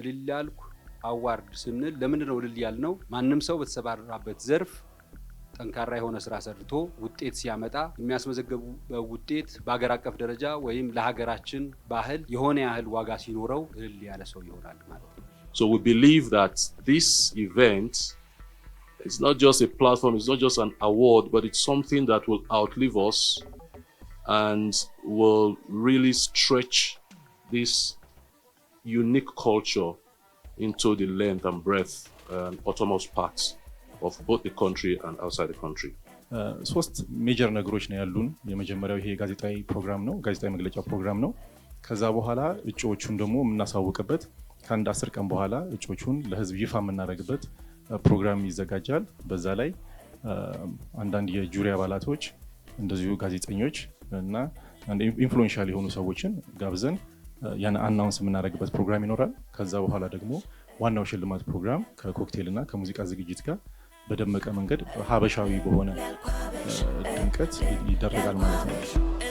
እልል ያልኩ አዋርድ ስንል ለምንድን ነው እልል ነው? ማንም ሰው በተሰባራበት ዘርፍ ጠንካራ የሆነ ስራ ሰርቶ ውጤት ሲያመጣ የሚያስመዘገቡ ውጤት በሀገር አቀፍ ደረጃ ወይም ለሀገራችን ባህል የሆነ ያህል ዋጋ ሲኖረው እልል ያለ ሰው ይሆናል ማለት ነው። So we believe that this event is not just a platform, it's not just an award, but it's something that will outlive us and will really stretch this unique culture into the length and breadth and uttermost parts of both the country and outside the country. Uh, ሶስት ሜጀር ነገሮች ነው ያሉን። የመጀመሪያው ይሄ ጋዜጣዊ ፕሮግራም ነው፣ ጋዜጣዊ መግለጫ ፕሮግራም ነው። ከዛ በኋላ እጩዎቹን ደግሞ የምናሳውቅበት ከአንድ አስር ቀን በኋላ እጩዎቹን ለህዝብ ይፋ የምናደርግበት ፕሮግራም ይዘጋጃል። በዛ ላይ uh, አንዳንድ የጁሪ አባላቶች እንደዚሁ ጋዜጠኞች እና ኢንፍሉዌንሻል የሆኑ ሰዎችን ጋብዘን ያን አናውንስ የምናደርግበት ፕሮግራም ይኖራል። ከዛ በኋላ ደግሞ ዋናው ሽልማት ፕሮግራም ከኮክቴል እና ከሙዚቃ ዝግጅት ጋር በደመቀ መንገድ ሀበሻዊ በሆነ ድምቀት ይደረጋል ማለት ነው።